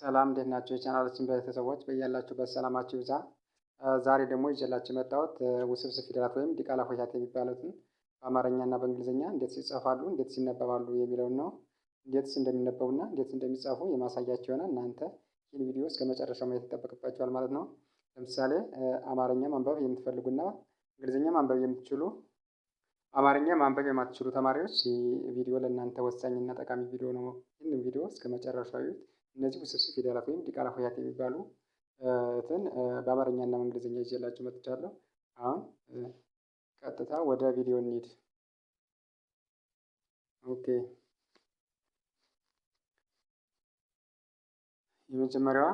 ሰላም እንዴት ናቸው? የቻናላችን ቤተሰቦች በያላችሁበት ሰላማችሁ ይብዛ። ዛሬ ደግሞ ይዤላችሁ የመጣሁት ውስብስብ ፊደላት ወይም ዲቃላ ሆሄያት የሚባሉትን በአማርኛ እና በእንግሊዝኛ እንዴት ይጻፋሉ፣ እንዴት ይነበባሉ የሚለውን ነው። እንዴትስ እንደሚነበቡና እንዴት እንደሚጻፉ የማሳያቸው የሆነ እናንተ ይህን ቪዲዮ እስከ መጨረሻው ማየት ይጠበቅባቸዋል ማለት ነው። ለምሳሌ አማርኛ ማንበብ የምትፈልጉና እንግሊዝኛ ማንበብ የምትችሉ አማርኛ ማንበብ የማትችሉ ተማሪዎች ቪዲዮ ለእናንተ ወሳኝና ጠቃሚ ቪዲዮ ነው። ይህን ቪዲዮ እስከ መጨረሻው እነዚህ ውስብስብ ፊደላት ወይም ዲቃላ ሆሄያት የሚባሉትን በአማርኛና በእንግሊዝኛ ይዤላችሁ መጥቻለሁ። አሁን ቀጥታ ወደ ቪዲዮ እንሂድ። ኦኬ የመጀመሪያዋ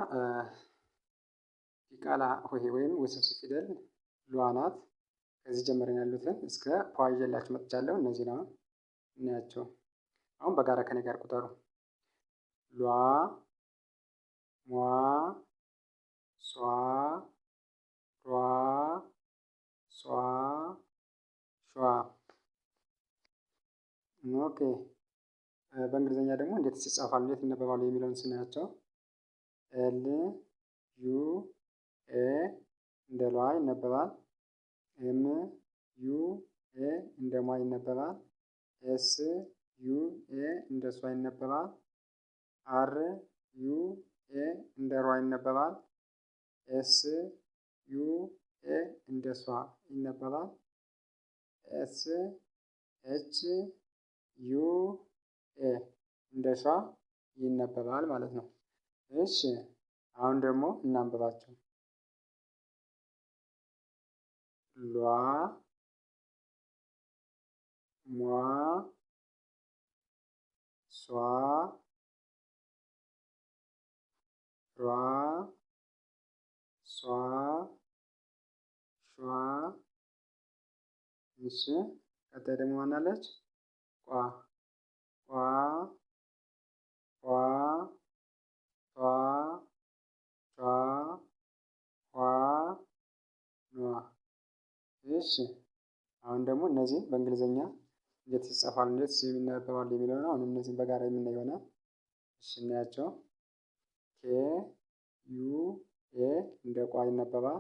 ዲቃላ ሆሄ ወይም ውስብስብ ፊደል ሏ ናት። ከዚህ ጀምረን ያሉትን እስከ ፖዋ ይዤላችሁ መጥቻለሁ። እነዚህ ነው እናያቸው። አሁን በጋራ ከኔ ጋር ቁጠሩ ሉዋ ሟ ሷ ሯ ሷ ሿ። ኦኬ በእንግሊዝኛ ደግሞ እንዴት ይጻፋሉ፣ እንዴት ይነበባሉ የሚለውን ስናያቸው ኤል ዩ ኤ እንደ ሏ ይነበባል። ኤም ዩ ኤ እንደ ሟ ይነበባል። ኤስ ዩ ኤ እንደ ሷ ይነበባል። አር ዩ ኤ እንደ ሯ ይነበባል። ኤስ ዩ ኤ እንደ ሷ ይነበባል። ኤስ ኤች ዩ ኤ እንደ ሿ ይነበባል ማለት ነው። እሺ አሁን ደግሞ እናንብባቸው። ሏ ሟ ሷ ሿ ሷ ሿ እሺ ቀጣይ ደግሞ ማናለች ቋ ቋ ቋ ቷ ቿ ኋ ኗ እሺ አሁን ደግሞ እነዚህን በእንግሊዝኛ እንዴት ይጻፋሉ እንዴት የሚለው የሚለውን አሁን እነዚህን በጋራ የምናይ ይሆናል። እሺ እናያቸው። ኬ ዩ ኤ እንደ ቋ ይነበባል።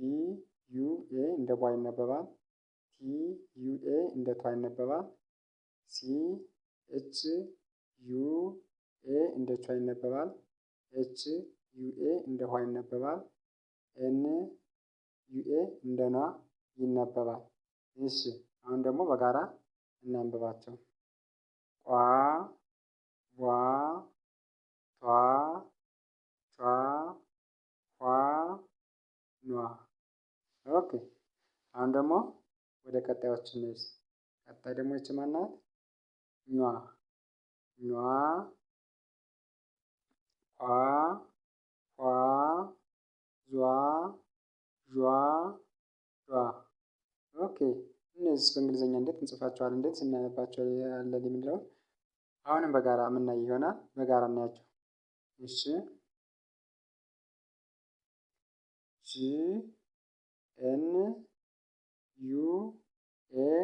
ቢ ዩ ኤ እንደ ቧ ይነበባል። ቲ ዩ ኤ እንደ ቷ ይነበባል። ሲ ኤች ዩ ኤ እንደ ቿ ይነበባል። ኤች ዩ ኤ እንደ ኋ ይነበባል። ኤን ዩ ኤ እንደ ኗ ይነበባል። እሺ አሁን ደግሞ በጋራ እናንብባቸው። ቋ ቧ ቷ ሿ ኋ ኗ ኦኬ አሁን ደግሞ ወደ ቀጣዮች እንሂድ። ቀጣይ ደግሞ ይቺ ማናት? ኟ ኟ ኳ ኳ ዟ ዟ ዷ ኦኬ እነዚህ በእንግሊዝኛ እንዴት እንጽፋቸዋል እንዴት ስናነባቸው ያለን የሚለውን አሁንም በጋራ የምናይ ይሆናል። በጋራ እናያቸው እሺ ጂ ኤን ዩ ኤ e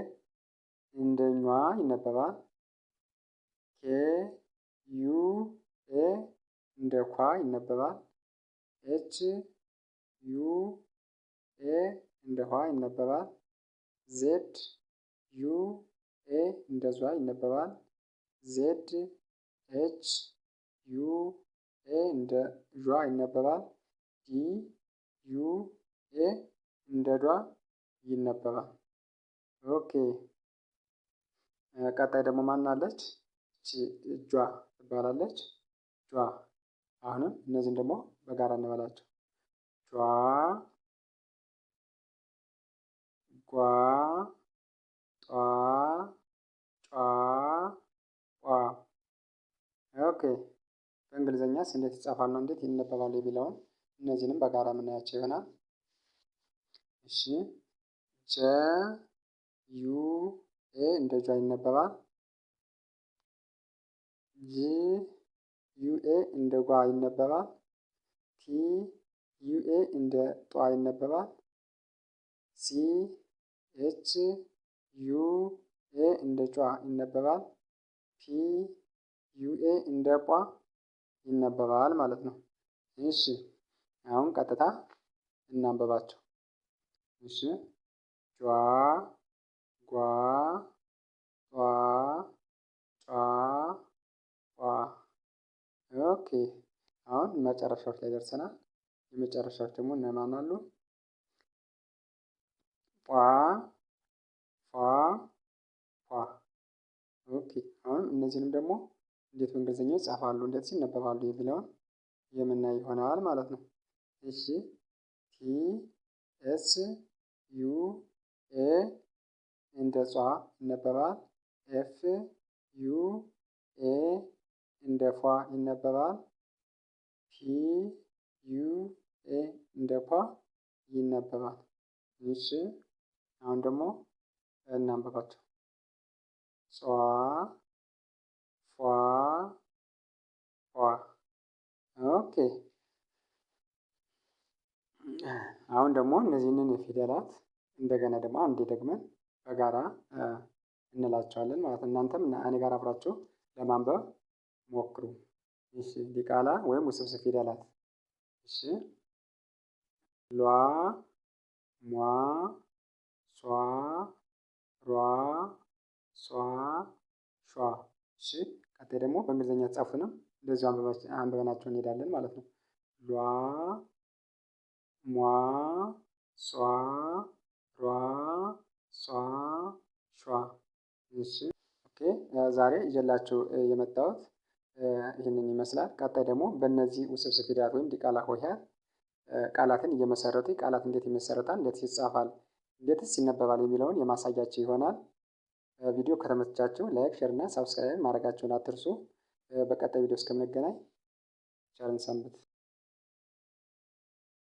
እንደኛ ይነበባል። ኬ ዩ ኤ እንደ ኳ ይነበባል። ኤች ዩ ኤ e እንደኋ ኋ ይነበባል። ዜድ ዩ ኤ እንደዟ ዟ ይነበባል። ዜድ ኤች ዩ ኤ እንደ ዟ ይነበባል። ዲ ዩ ኤ እንደ ዷ ይነበባል። ኦኬ ቀጣይ ደግሞ ማናለች? እጇ ትባላለች። ጇ አሁንም እነዚህን ደግሞ በጋራ እንበላቸው። ጇ ጓ ጧ ጯ ቋ ኦኬ በእንግሊዝኛስ እንዴት ይጻፋል ነው እንዴት ይነበባል የሚለውን እነዚህንም በጋራ የምናያቸው ይሆናል። እሺ ጀ ዩ ኤ እንደ ጇ ይነበባል። ጂ ኤ እንደ ጓ ይነበባል። ቲ ዩኤ እንደ ጧ ይነበባል። ሲ ኤች ዩ ኤ እንደ ጯ ይነበባል። ፒ ዩ ኤ እንደ ቋ ይነበባል ማለት ነው። እሺ አሁን ቀጥታ እናንበባቸው። እሺ ጇ ጓ ጧ ጯ ቋ። ኦኬ አሁን መጨረሻዎች ላይ ደርሰናል። የመጨረሻዎች ደግሞ እነማን አሉ? ፏ ፏ ፏ። ኦኬ አሁን እነዚህንም ደግሞ እንዴት በእንግሊዝኛ ይጻፋሉ፣ እንዴት ይነበባሉ የሚለውን የምናይ ይሆናል ማለት ነው። እሺ ቲ ኤስ ዩ ኤ እንደ ጿ ይነበባል። ኤፍ ዩ ኤ እንደ ፏ ይነበባል። ፒ ዩ ኤ እንደ ፏ ይነበባል። እሺ አሁን ደግሞ እናንበባቸው። ጿ ፏ ፏ ኦኬ አሁን ደግሞ እነዚህንን ፊደላት እንደገና ደግሞ አንዴ ደግመን በጋራ እንላቸዋለን ማለት ነው። እናንተም እኔ ጋር አብራችሁ ለማንበብ ሞክሩ። እሺ፣ ዲቃላ ወይም ውስብስብ ፊደላት። እሺ፣ ሏ፣ ሟ፣ ሷ፣ ሯ፣ ሷ፣ ሿ። እሺ፣ ቀጣይ ደግሞ በእንግሊዝኛ ጻፉንም እንደዚሁ አንብበናቸው እንሄዳለን ማለት ነው። ሏ ሟ ሷ ሯ ሷ ሿ። እሺ ኦኬ። ዛሬ ይዤላችሁ የመጣሁት ይህንን ይመስላል። ቀጣይ ደግሞ በእነዚህ ውስብስብ ፊደላት ወይም ዲቃላ ሆሄያት ቃላትን እየመሰረቱ ቃላት እንዴት ይመሰረታል፣ እንዴት ይጻፋል፣ እንዴትስ ይነበባል የሚለውን የማሳያችሁ ይሆናል። ቪዲዮ ከተመቻችሁ ላይክ፣ ሼር እና ሳብስክራይብ ማድረጋችሁን አትርሱ። በቀጣይ ቪዲዮ እስከምንገናኝ ቸርን ሰንብት።